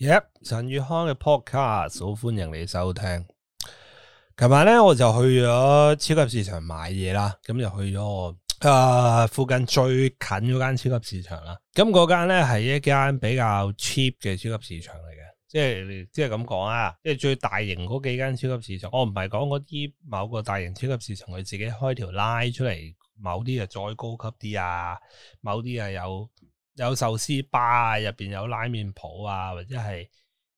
耶！陳宇、yep, 康嘅 podcast 好歡迎你收聽。琴晚咧，我就去咗超級市場買嘢啦。咁就去咗誒、呃、附近最近嗰間超級市場啦。咁嗰間咧係一間比較 cheap 嘅超級市場嚟嘅，即係即係咁講啊！即、就、係、是、最大型嗰幾間超級市場，我唔係講嗰啲某個大型超級市場佢自己開條 line 出嚟，某啲啊再高級啲啊，某啲啊有。有壽司吧啊，入邊有拉麵鋪啊，或者係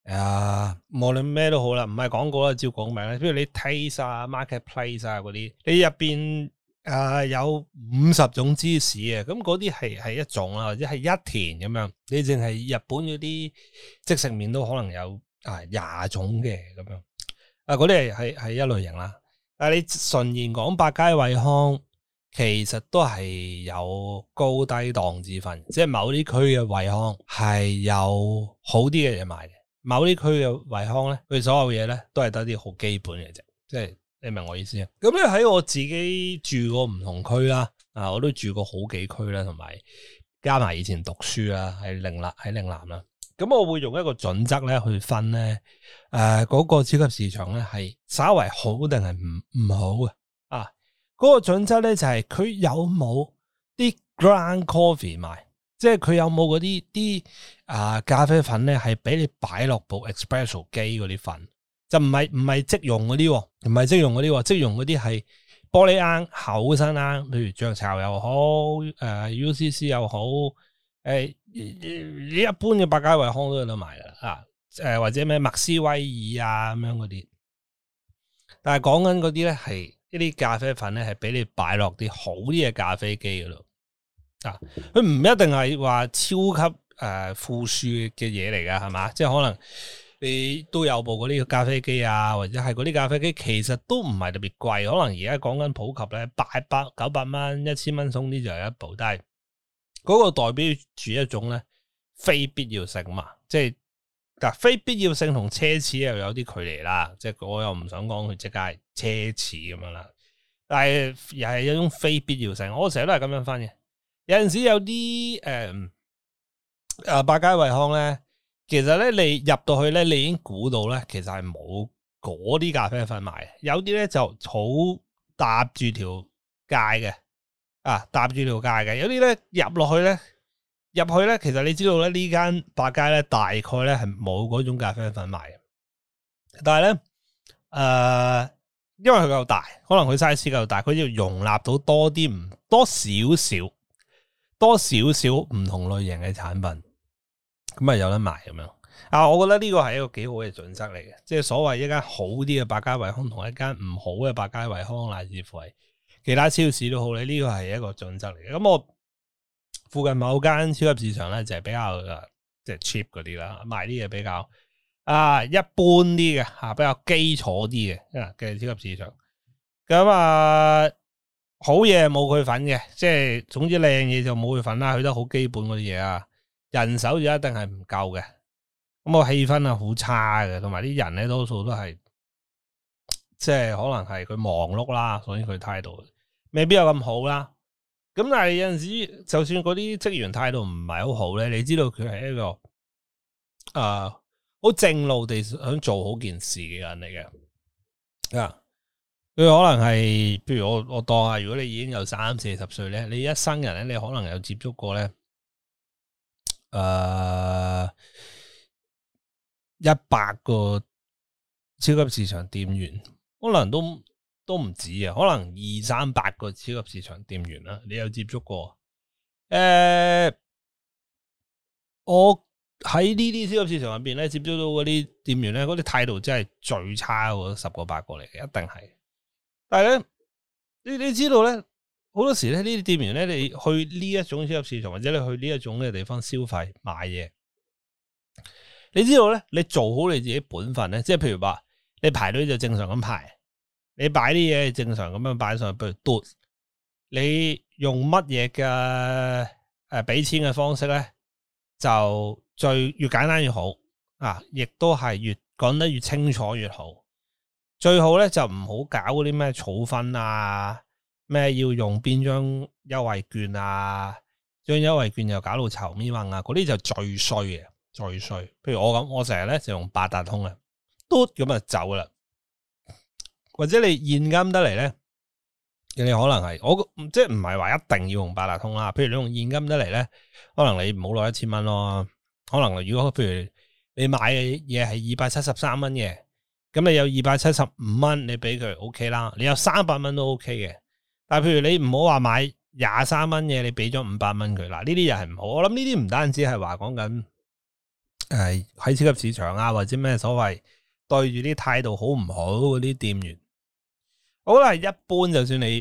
啊，無論咩都好啦，唔係廣告啦，照講名啦。譬如你 Taste 啊、Marketplace 啊嗰啲，你入邊啊有五十種芝士啊，咁嗰啲係係一種啊，或者係一田咁樣。你淨係日本嗰啲即食麵都可能有啊廿種嘅咁樣，啊嗰啲係係係一類型啦。啊，但係你純然講百佳惠康。其實都係有高低檔之分，即係某啲區嘅惠康係有好啲嘅嘢賣嘅，某啲區嘅惠康咧，佢所有嘢咧都係得啲好基本嘅啫。即係你明我意思啊？咁咧喺我自己住過唔同區啦，啊我都住過好幾區啦，同埋加埋以前讀書啦，喺嶺南喺嶺南啦。咁我會用一個準則咧去分咧，誒、呃、嗰、那個超級市場咧係稍微好定係唔唔好啊？嗰個準則咧就係、是、佢有冇啲 ground coffee 賣，即係佢有冇嗰啲啲啊咖啡粉咧，係俾你擺落部 Espresso 機嗰啲粉，就唔係唔係即溶嗰啲，唔係即溶嗰啲，即溶嗰啲係玻璃盎口厚身盎，譬如雀巢又好，誒、呃、UCC 又好，誒、欸呃、一般嘅百佳惠康都有得賣噶啦，啊誒、呃、或者咩麥斯威爾啊咁樣嗰啲，但係講緊嗰啲咧係。呢啲咖啡粉咧，係俾你擺落啲好啲嘅咖啡機嗰度。啊，佢唔一定係話超級誒、呃、富庶嘅嘢嚟噶，係嘛？即係可能你都有部嗰啲咖啡機啊，或者係嗰啲咖啡機，其實都唔係特別貴。可能而家講緊普及咧，八百九百蚊，一千蚊鬆啲就有一部。但係嗰個代表住一種咧非必要性嘛，即係。非必要性同奢侈又有啲距離啦，即係我又唔想講佢即係奢侈咁樣啦，但係又係一種非必要性。我成日都係咁樣分嘅，有陣時有啲誒誒百佳惠康咧，其實咧你入到去咧，你已經估到咧，其實係冇嗰啲咖啡粉賣嘅，有啲咧就好搭住條街嘅，啊搭住條街嘅，有啲咧入落去咧。入去咧，其實你知道咧，呢間百佳咧，大概咧係冇嗰種咖啡粉賣嘅。但係咧，誒、呃，因為佢夠大，可能佢 size 夠大，佢要容納到多啲唔多少少，多少少唔同類型嘅產品，咁啊有得賣咁樣。啊，我覺得呢個係一個幾好嘅準則嚟嘅，即係所謂一間好啲嘅百佳惠康，同一間唔好嘅百佳惠康，乃至乎係其他超市都好你呢，這個係一個準則嚟嘅。咁、嗯、我。附近某間超級市場咧，就係比較即係 cheap 嗰啲啦，賣啲嘢比較啊一般啲嘅吓，比較基礎啲嘅啊嘅超級市場。咁、嗯、啊，好嘢冇佢份嘅，即係總之靚嘢就冇佢份啦。佢都好基本嗰啲嘢啊，人手就一定係唔夠嘅。咁個氣氛啊，好差嘅，同埋啲人咧，多數都係即係可能係佢忙碌啦，所以佢態度未必有咁好啦。咁但係有陣時，就算嗰啲職員態度唔係好好咧，你知道佢係一個誒好、呃、正路地想做好件事嘅人嚟嘅。啊、嗯，佢可能係，譬如，我我當下，如果你已經有三四十歲咧，你一生人咧，你可能有接觸過咧，誒一百個超級市場店員，可能都。都唔止啊，可能二三百個超級市場店員啦，你有接觸過？誒、欸，我喺呢啲超級市場入邊咧，接觸到嗰啲店員咧，嗰啲態度真係最差，十個八個嚟嘅，一定係。但係咧，你你知道咧，好多時咧呢啲店員咧，你去呢一種超級市場或者你去呢一種嘅地方消費買嘢，你知道咧，你做好你自己本分咧，即係譬如話，你排隊就正常咁排。你擺啲嘢正常咁樣擺上去，譬如嘟，你用乜嘢嘅誒俾錢嘅方式咧，就最越簡單越好啊！亦都係越講得越清楚越好。最好咧就唔好搞嗰啲咩儲分啊，咩要用邊張優惠券啊，張優惠券又搞到稠面蒙啊，嗰啲就最衰嘅，最衰。譬如我咁，我成日咧就用八達通啊，嘟 o 咁就走啦。或者你現金得嚟咧，你可能係我即係唔係話一定要用八達通啦。譬如你用現金得嚟咧，可能你唔好攞一千蚊咯。可能如果譬如你買嘅嘢係二百七十三蚊嘅，咁你有二百七十五蚊，你俾佢 OK 啦。你有三百蚊都 OK 嘅。但係譬如你唔好話買廿三蚊嘅，你俾咗五百蚊佢嗱，呢啲又係唔好。我諗呢啲唔單止係話講緊誒喺超級市場啊，或者咩所謂對住啲態度好唔好嗰啲店員。好啦，一般就算你，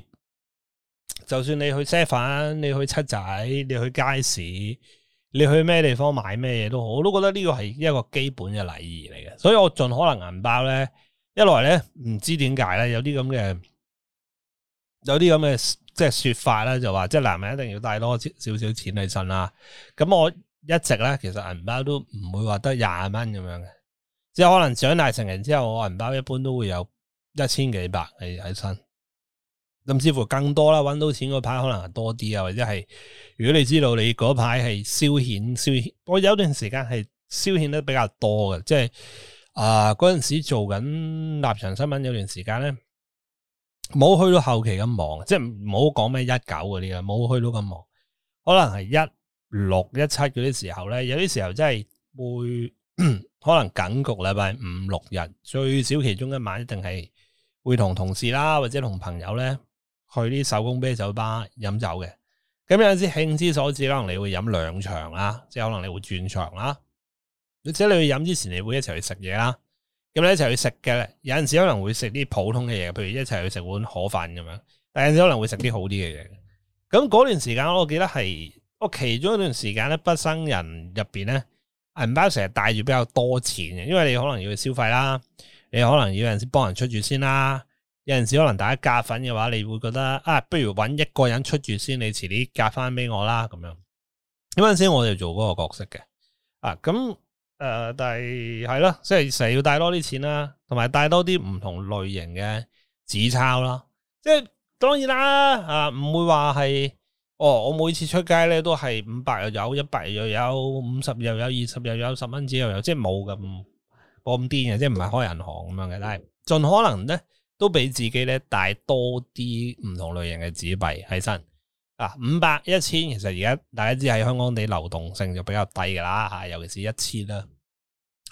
就算你去食飯，你去七仔，你去街市，你去咩地方買咩嘢都好，我都覺得呢個係一個基本嘅禮儀嚟嘅。所以我盡可能銀包咧，一來咧，唔知點解咧，有啲咁嘅，有啲咁嘅即係說法咧，就話即係男人一定要帶多少少錢起身啦。咁我一直咧，其實銀包都唔會話得廿蚊咁樣嘅，即係可能長大成人之後，我銀包一般都會有。一千幾百係喺身，甚、嗯、至乎更多啦！揾到錢嗰排可能多啲啊，或者係如果你知道你嗰排係消遣消遣，我有段時間係消遣得比較多嘅，即係啊嗰陣時做緊立場新聞有段時間咧，冇去到後期咁忙，即係唔好講咩一九嗰啲啊，冇去到咁忙，可能係一六一七嗰啲時候咧，有啲時候真係會 可能緊局禮拜五六日最少其中一晚一定係。會同同事啦，或者同朋友咧去啲手工啤酒吧飲酒嘅。咁有陣時興之所至，可能你會飲兩場啦，即係可能你會轉場啦。或者你去飲之前，你會一齊去食嘢啦。咁你一齊去食嘅，有陣時可能會食啲普通嘅嘢，譬如一齊去食碗河粉咁樣。但有陣時你可能會食啲好啲嘅嘢。咁嗰段時間，我記得係我其中一段時間咧，不生人入邊咧，銀包成日帶住比較多錢嘅，因為你可能要去消費啦。你可能要有陣時幫人出住先啦，有陣時可能大家夾份嘅話，你會覺得啊，不如搵一個人出住先，你遲啲夾翻俾我啦，咁樣。有陣時我就做嗰個角色嘅，啊，咁誒、呃，但係係咯，即係成日要帶多啲錢啦，同埋帶多啲唔同類型嘅紙鈔啦。即係當然啦，啊，唔會話係，哦，我每次出街咧都係五百又有，一百又有，五十又有，二十又有，十蚊紙又有，即係冇咁。咁癲嘅，即係唔係開銀行咁樣嘅，但係盡可能咧都俾自己咧帶多啲唔同類型嘅紙幣喺身啊，五百一千，其實而家大家知喺香港地流動性就比較低噶啦吓，尤其是一千啦。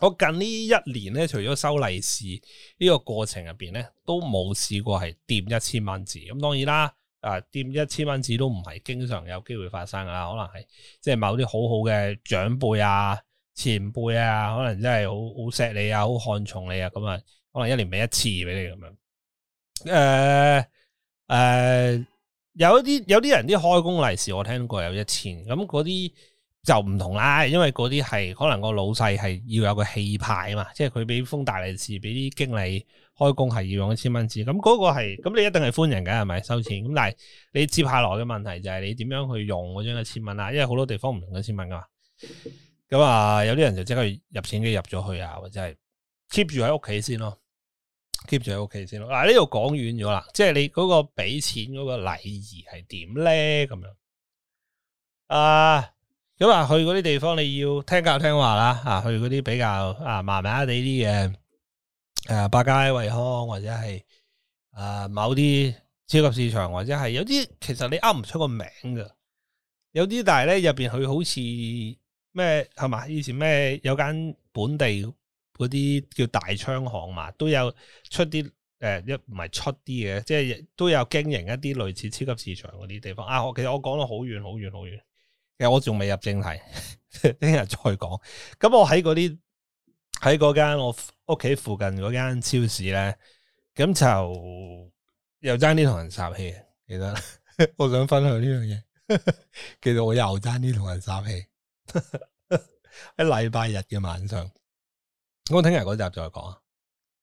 我近呢一年咧，除咗收利是呢個過程入邊咧，都冇試過係掂一千蚊紙。咁、嗯、當然啦，啊，掂一千蚊紙都唔係經常有機會發生噶啦，可能係即係某啲好好嘅長輩啊。前輩啊，可能真係好好錫你啊，好看重你啊，咁啊，可能一年俾一次俾你咁、啊、樣。誒、呃、誒、呃，有一啲有啲人啲開工利是，我聽過有一千，咁嗰啲就唔同啦，因為嗰啲係可能個老細係要有個氣派啊嘛，即係佢俾封大利是俾啲經理開工係要用一千蚊紙，咁嗰個係咁你一定係歡迎噶，係咪收錢？咁但係你接下來嘅問題就係你點樣去用嗰張一千蚊啊？因為好多地方唔同一千蚊噶、嘛。咁啊，有啲人就即刻入錢機入咗去啊，或者係 keep 住喺屋企先咯，keep 住喺屋企先咯。嗱，呢度講遠咗啦，即係你嗰個俾錢嗰個禮儀係點咧？咁樣啊，咁啊，去嗰啲地方你要聽教聽話啦，吓、啊、去嗰啲比較啊麻麻地啲嘅，誒百佳、惠康或者係誒、啊、某啲超級市場，或者係有啲其實你啱唔出個名嘅，有啲但係咧入邊佢好似。咩係嘛？以前咩有間本地嗰啲叫大昌行嘛，都有出啲誒，呃、一唔係出啲嘅，即係都有經營一啲類似超級市場嗰啲地方啊。其實我講得好遠好遠好遠，其實我仲未入正題，聽日再講。咁我喺嗰啲喺嗰間我屋企附近嗰間超市咧，咁就又爭啲同人撒氣。其實我想分享呢樣嘢，其實我又爭啲同人撒氣。哈哈，喺禮拜日嘅晚上，咁我聽日嗰集再講啊。